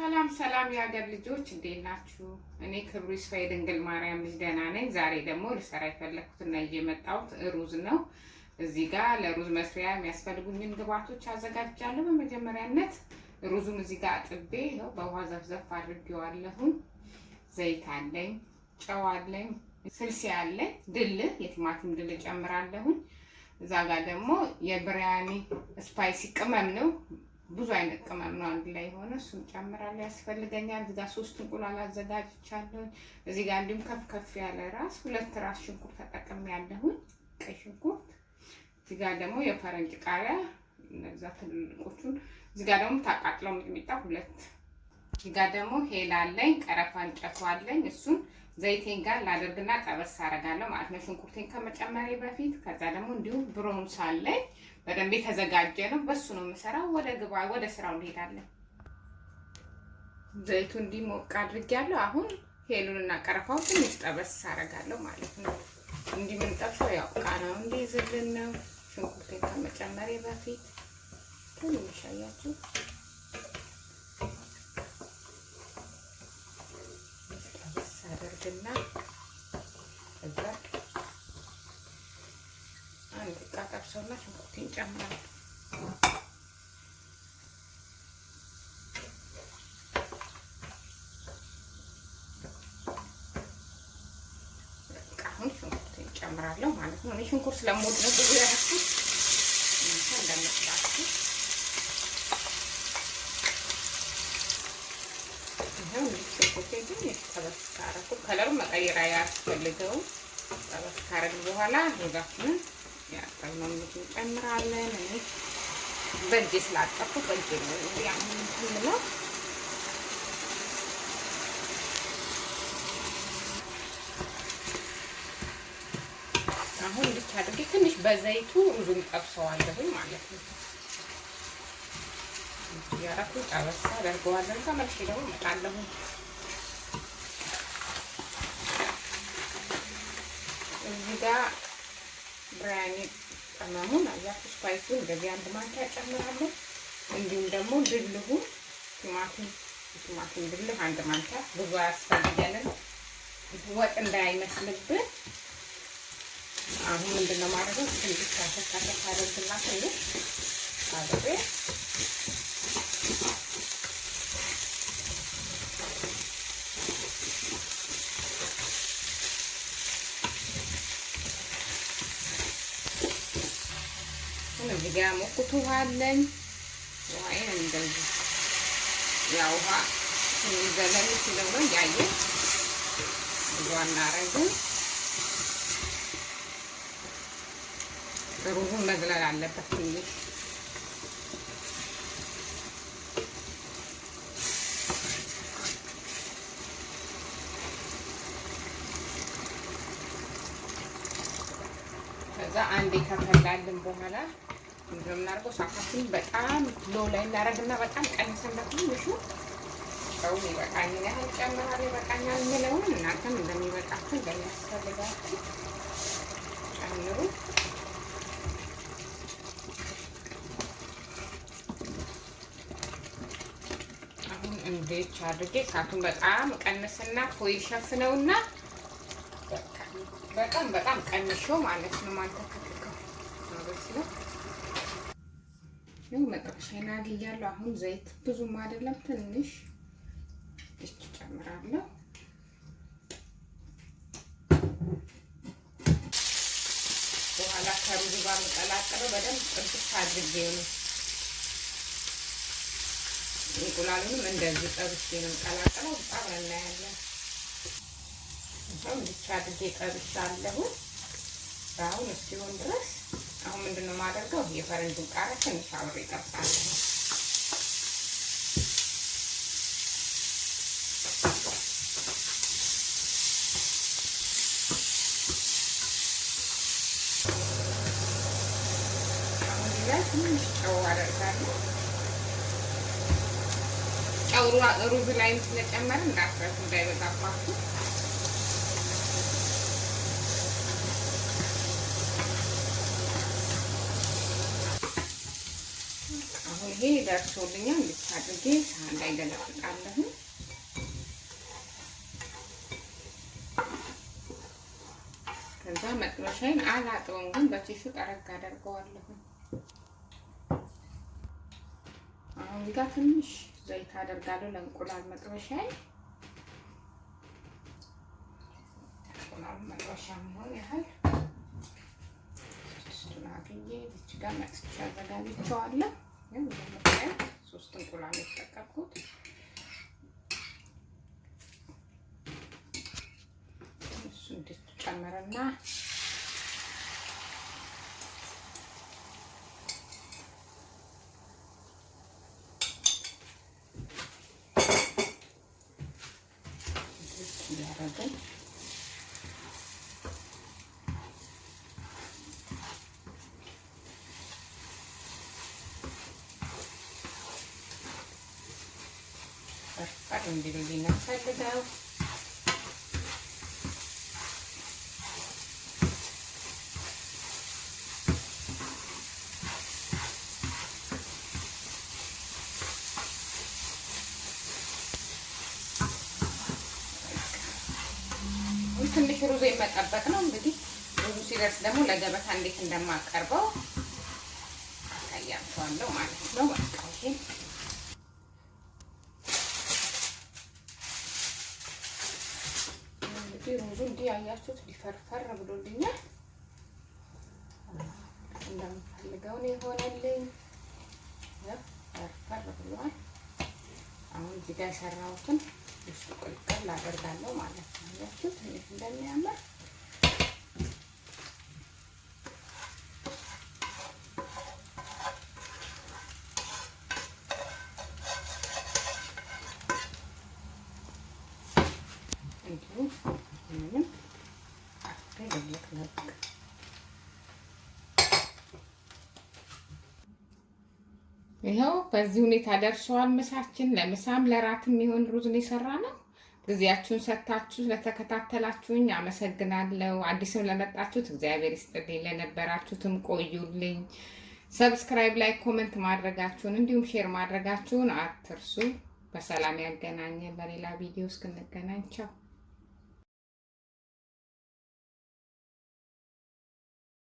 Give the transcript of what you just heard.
ሰላም ሰላም የሀገር ልጆች እንዴት ናችሁ? እኔ ክብሩ ይስፋ የድንግል ማርያም ልጅ ደህና ነኝ። ዛሬ ደግሞ ልሰራ የፈለግኩት እና እየመጣሁት ሩዝ ነው። እዚህ ጋር ለሩዝ መስሪያ የሚያስፈልጉኝን ግብአቶች አዘጋጅቻለሁ። በመጀመሪያነት ሩዙን እዚህ ጋር አጥቤ ነው በውሃ ዘፍዘፍ አድርጌዋለሁኝ። ዘይት አለኝ፣ ጨው አለኝ፣ ስልሲ አለኝ፣ ድል የቲማቲም ድል ጨምራለሁኝ። እዛ ጋር ደግሞ የብሪያኒ ስፓይሲ ቅመም ነው ብዙ አይነት ቅመም ነው አንድ ላይ የሆነ እሱን ጨምራለሁ። ያስፈልገኛል። እዚህ ጋር ሶስት እንቁላል አዘጋጅቻለሁ። እዚህ ጋር እንዲሁም ከፍ ከፍ ያለ ራስ ሁለት ራስ ሽንኩርት ተጠቅም ያለሁኝ ቀይ ሽንኩርት። እዚህ ጋር ደግሞ የፈረንጅ ቃሪያ እነዛ ትልልቆቹን። እዚህ ጋር ደግሞ ታቃጥለው ሚጥሚጣ ሁለት። እዚህ ጋር ደግሞ ሄላለኝ ቀረፋ እንጨቷለኝ እሱን ዘይቴን ጋር ላደርግና ጠበስ አደርጋለሁ ማለት ነው፣ ሽንኩርቴን ከመጨመሬ በፊት። ከዛ ደግሞ እንዲሁም ብሮን ሳለኝ በደንብ የተዘጋጀ ነው፣ በሱ ነው የምሰራው። ወደ ግባ ወደ ስራው እንሄዳለን። ዘይቱ እንዲሞቅ አድርጌያለሁ። አሁን ሄሉንና ቀረፋው ትንሽ ጠበስ አደርጋለሁ ማለት ነው። እንዲህ የምንጠብሰው ያው ቃናው እንዲይዝልን ነው። ሽንኩርቴን ከመጨመሬ በፊት ትንሽ አያችሁ አደርግና እዛ አንድ ጣጣብ ሰውና ሽንኩርት እንጨምራለን። ሽንኩርት እንጨምራለሁ ማለት ነው። እኔ ሽንኩርት ስለምወድ ነው ብዙ ያደረኩት እናንተ ጠበስ ካረኩ ከለሩ መቀየር አያስፈልገውም። ጠበስ ካረግን በኋላ ስጋችንን ያጠብነውን ምግብ እንጨምራለን። በእጄ ስላጠብኩ በእጄ ነው የምለው። አሁን እንድች አድርጌ ትንሽ በዘይቱ ሩዙን ጠብሰዋለሁኝ ማለት ነው። ያረኩ ጠበሳ አደርገዋለሁ። ተመልሼ ደግሞ እመጣለሁ። እዚህ ጋር ቅመሙን አያችሁ ስፓይሱን እንደዚህ አንድ ማንኪያ ጨምራለሁ። እንዲሁም ደግሞ ድልሁ ቲማቲም ቲማቲም ድልህ አንድ ማንኪያ ብዙ አያስፈልገንም፣ ወጥ እንዳይመስልብን። አሁን ምንድነው ማድረግ ትንሽ ካሰካሰካ አደርግላት ትንሽ አድርጌ እዚህ ጋር ሞቁት ውሃ አለኝ። ውሃዬን እንደዚህ ያ ውሃ ዘለል ሲለው ነው ብዙ አናረግም። ሩዙን መዝለል አለበት ትንሽ ከዛ አንዴ ከፈላልን በኋላ እንደምናደርገው ሳፋችን በጣም ሎ ላይ እናደርግና በጣም ቀንሰን በትንሹ ሰው ይበቃኝን ያህል ጨምራል ይበቃኛል የሚለውን እናንተም እንደሚበቃችሁ እንደሚያስፈልጋችሁ ጨምሩ። አሁን እንዴች አድርጌ እሳቱን በጣም ቀንስና ሸፍነውና በጣም በጣም ቀንሾ ማለት ነው ነው ነው መጥበሻ አድያለሁ። አሁን ዘይት ብዙም አይደለም ትንሽ እች ጨምራለሁ። በኋላ ከሩዝ ጋር የምቀላቅለው በደንብ ጥብስ አድርጌ ነው። እንቁላሉንም እንደዚህ ጠብሼ ነው የምቀላቅለው። በጣም እናያለን። እንዲቻ አድርጌ ጠብሻለሁ። አሁን እስኪሆን ድረስ አሁን ምንድነው የማደርገው የፈረንጁን ቃሪያ ትንሽ አብሬ እጠብሳለሁ። አሁን ላይ ትንሽ ጨው አደርጋለሁ። ጨው ሩዝ ላይም ስለጨመረ እንዳትረሱ እንዳይበዛባችሁ ይሄ ደርሶልኛል። ልክ አድርጌ ሳህን ላይ ገለብጣለሁ። ከዛ መጥበሻዬን አላጥበውም፣ ግን በቲሹ ጠረግ አደርገዋለሁ። አሁን ጋ ትንሽ ዘይት አደርጋለሁ ለእንቁላል መጥበሻዬ። እንቁላል መጥበሻ መሆን ያህል ሶስቱን አግዬ እዚህ ጋ መጥቼ አዘጋጅቼዋለሁ። karena biar Parang dinuginasan na daw. ትንሽ ሩዝ የመጠበቅ ነው እንግዲህ። ሩዙ ሲደርስ ደግሞ ለገበታ እንዴት እንደማቀርበው አሳያቸዋለሁ ማለት ነው። በቃ ይሄ እንግዲህ ሩዙ እንዲህ ያያችሁት ሊፈርፈር ብሎልኛል። እንደምፈልገውን የሆነልኝ ፈርፈር ብሏል። አሁን እዚህ የሰራሁትን ቅልቅል አደርጋለሁ ማለት ነው። ትንሽ እንደሚያምር ይኸው በዚህ ሁኔታ ደርሰዋል። ምሳችን ለምሳም ለራት የሚሆን ሩዝን የሰራ ነው። ጊዜያችሁን ሰጥታችሁ ለተከታተላችሁኝ አመሰግናለሁ። አዲስም ለመጣችሁት እግዚአብሔር ይስጥልኝ። ለነበራችሁትም ቆዩልኝ። ሰብስክራይብ ላይ ኮመንት ማድረጋችሁን እንዲሁም ሼር ማድረጋችሁን አትርሱ። በሰላም ያገናኘን። በሌላ ቪዲዮ እስክንገናኝ ቻው።